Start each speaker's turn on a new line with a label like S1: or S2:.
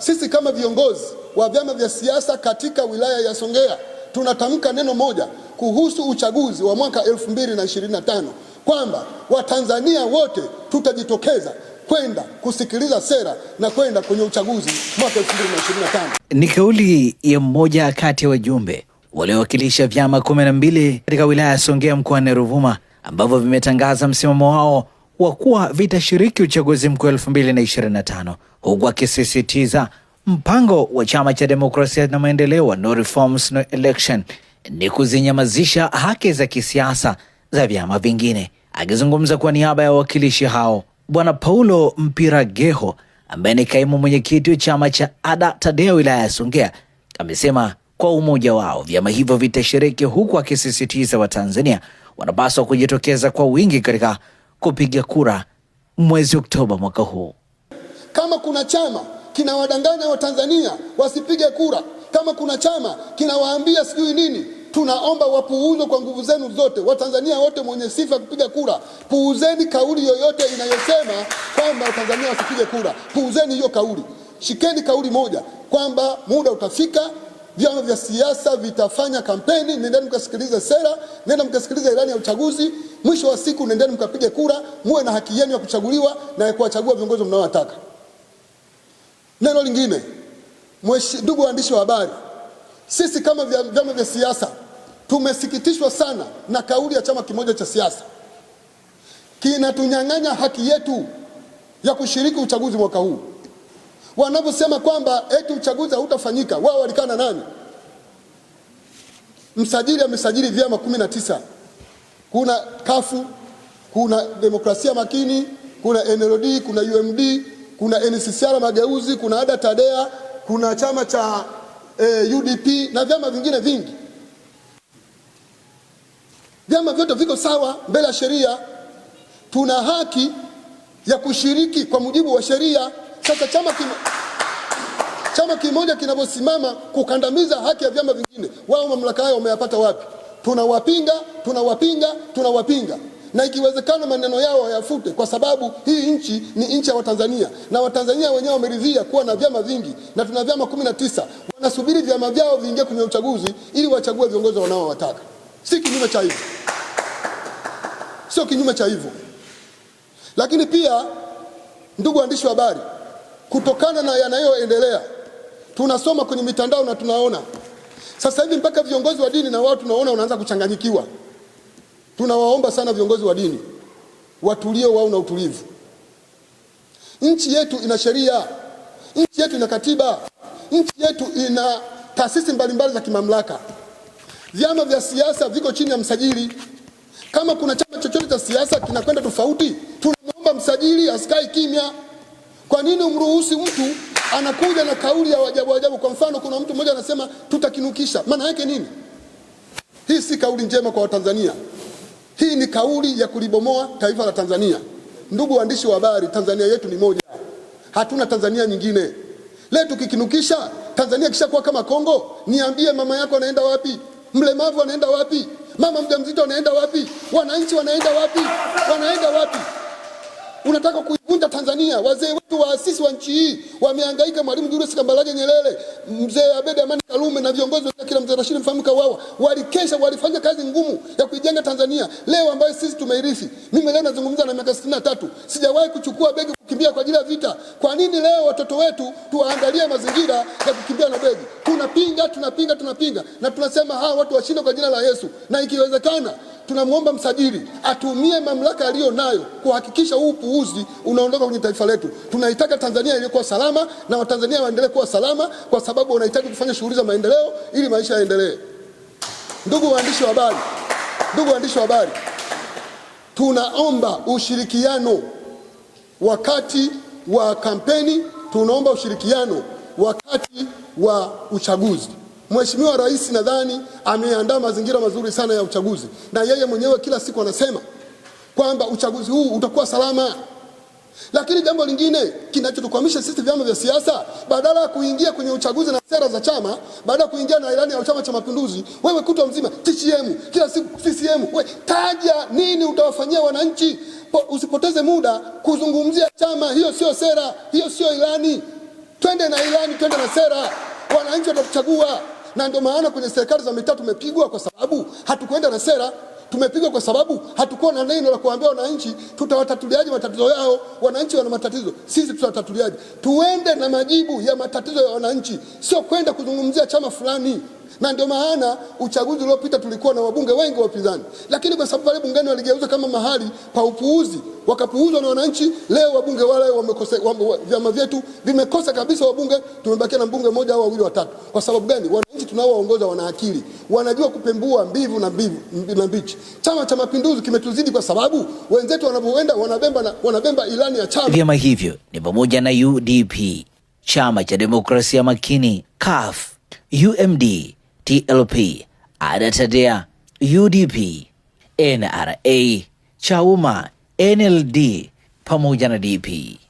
S1: Sisi kama viongozi wa vyama vya siasa katika wilaya ya Songea tunatamka neno moja kuhusu uchaguzi wa mwaka 2025 kwamba Watanzania wote tutajitokeza kwenda kusikiliza sera na kwenda kwenye uchaguzi mwaka 2025.
S2: Ni kauli ya mmoja kati ya wajumbe waliowakilisha vyama 12 katika wilaya ya Songea mkoani Ruvuma ambavyo vimetangaza msimamo wao wa kuwa vitashiriki uchaguzi mkuu 2025 huku akisisitiza mpango wa chama cha demokrasia na maendeleo wa no reforms no election ni kuzinyamazisha haki za kisiasa za vyama vingine. Akizungumza kwa niaba ya wawakilishi hao, Bwana Paulo Mpirageho ambaye ni kaimu mwenyekiti wa chama cha ADA tadea wilaya ya Songea amesema kwa umoja wao vyama hivyo vitashiriki, huku akisisitiza Watanzania wanapaswa kujitokeza kwa wingi katika kupiga kura mwezi Oktoba mwaka huu.
S1: Kama kuna chama kinawadanganya Watanzania wasipige kura, kama kuna chama kinawaambia sijui nini, tunaomba wapuuzwe kwa nguvu zenu zote. Watanzania wote mwenye sifa kupiga kura, puuzeni kauli yoyote inayosema kwamba Watanzania wasipige kura. Puuzeni hiyo kauli, shikeni kauli moja kwamba muda utafika vyama vya siasa vitafanya kampeni. Nendeni mkasikilize sera, nenda mkasikilize ilani ya uchaguzi. Mwisho wa siku, nendeni mkapige kura, muwe na haki yenu ya kuchaguliwa na ya kuwachagua viongozi mnaowataka. Neno lingine, ndugu waandishi wa habari, sisi kama vyama vya siasa tumesikitishwa sana na kauli ya chama kimoja cha siasa kinatunyang'anya haki yetu ya kushiriki uchaguzi mwaka huu. Wanaposema kwamba eti uchaguzi hautafanyika, wao walikaa na nani? Msajili amesajili vyama kumi na tisa. Kuna kafu, kuna demokrasia makini, kuna NLD, kuna UMD kuna NCCR Mageuzi, kuna ADA TADEA, kuna chama cha e, eh, UDP na vyama vingine vingi. Vyama vyote viko sawa mbele ya sheria, tuna haki ya kushiriki kwa mujibu wa sheria. Sasa chama kimo, chama kimoja kinavyosimama kukandamiza haki ya vyama vingine, wao mamlaka hayo wameyapata wapi? Tunawapinga, tunawapinga, tunawapinga na ikiwezekana maneno yao hayafute, kwa sababu hii nchi ni nchi ya Watanzania na Watanzania wenyewe wameridhia kuwa na vyama vingi, na tuna vyama kumi na tisa. Wanasubiri vyama vyao viingie kwenye uchaguzi ili wachague viongozi wanaowataka, si kinyume cha hivyo, sio kinyume cha hivyo. Lakini pia, ndugu waandishi wa habari, kutokana na yanayoendelea tunasoma kwenye mitandao na tunaona sasa hivi mpaka viongozi wa dini na wao tunaona wanaanza kuchanganyikiwa. Tunawaomba sana viongozi wa dini watulie, wao na utulivu. Nchi yetu ina sheria, nchi yetu ina katiba, nchi yetu ina taasisi mbalimbali za kimamlaka. Vyama vya siasa viko chini ya msajili. Kama kuna chama chochote cha siasa kinakwenda tofauti, tunamwomba msajili asikae kimya. Kwa nini umruhusi mtu anakuja na kauli ya wajabu wajabu Kwa mfano, kuna mtu mmoja anasema tutakinukisha. Maana yake nini? Hii si kauli njema kwa Watanzania. Hii ni kauli ya kulibomoa taifa la Tanzania. Ndugu waandishi wa habari, Tanzania yetu ni moja, hatuna Tanzania nyingine. Leo tukikinukisha Tanzania kishakuwa kama Kongo, niambie mama yako anaenda wapi? Mlemavu anaenda wapi? Mama mjamzito anaenda wapi? Wananchi wanaenda wapi? Wanaenda wapi? Unataka ku Vunja Tanzania. Wazee wetu waasisi wa nchi hii wamehangaika, Mwalimu Julius Kambarage Nyerere, mzee Abedi Amani Karume na viongozi wengine, kila mzee Rashid Mfaume Kawawa, walikesha, walifanya kazi ngumu ya kuijenga Tanzania leo ambayo sisi tumeirithi. Mimi leo nazungumza na miaka 63 sijawahi kuchukua begi kukimbia kwa ajili ya vita. Kwa nini leo watoto wetu tuwaandalie mazingira ya kukimbia na begi? Tunapinga, tunapinga, tunapinga na tunasema hawa watu washinde kwa jina la Yesu, na ikiwezekana tunamwomba msajili atumie mamlaka aliyo nayo kuhakikisha huu upuuzi unaondoka kwenye taifa letu. Tunaitaka Tanzania iliyokuwa salama na Watanzania waendelee kuwa salama, kwa sababu wanahitaji kufanya shughuli za maendeleo ili maisha yaendelee. Ndugu waandishi wa habari, ndugu waandishi wa habari, tunaomba ushirikiano wakati wa kampeni, tunaomba ushirikiano wakati wa uchaguzi. Mheshimiwa Rais nadhani ameandaa mazingira mazuri sana ya uchaguzi, na yeye mwenyewe kila siku anasema kwamba uchaguzi huu utakuwa salama. Lakini jambo lingine kinachotukwamisha sisi vyama vya siasa, badala ya kuingia kwenye uchaguzi na sera za chama, badala ya kuingia na ilani ya Chama cha Mapinduzi, wewe kutwa mzima CCM, kila siku CCM, wewe taja nini utawafanyia wananchi. Usipoteze muda kuzungumzia chama, hiyo sio sera, hiyo sio ilani. Twende na ilani, twende na sera, wananchi watatuchagua. Na ndio maana kwenye serikali za mitaa tumepigwa, kwa sababu hatukwenda na sera. Tumepigwa kwa sababu hatukuwa na neno la kuambia wananchi tutawatatuliaje matatizo yao. Wananchi wana matatizo, sisi tutawatatuliaje? Tuende na majibu ya matatizo ya wananchi, sio kwenda kuzungumzia chama fulani na ndio maana uchaguzi uliopita tulikuwa na wabunge wengi wa upinzani, lakini kwa sababu wale bungeni waligeuza kama mahali pa upuuzi, wakapuuzwa na wananchi. Leo wabunge wale wamekosa, vyama vyetu vimekosa kabisa wabunge, tumebakia na mbunge mmoja au wawili watatu. Kwa sababu gani? Wananchi tunaowaongoza wana akili, wanajua kupembua mbivu na mbivu na mbichi. Chama cha Mapinduzi kimetuzidi kwa sababu wenzetu wanavyoenda wanabemba, na, wanabemba ilani ya chama.
S2: Vyama hivyo ni pamoja na UDP, chama cha demokrasia makini, CUF, UMD TLP, Ada Tadea, UDP, NRA, Chauma, NLD pamoja na DP.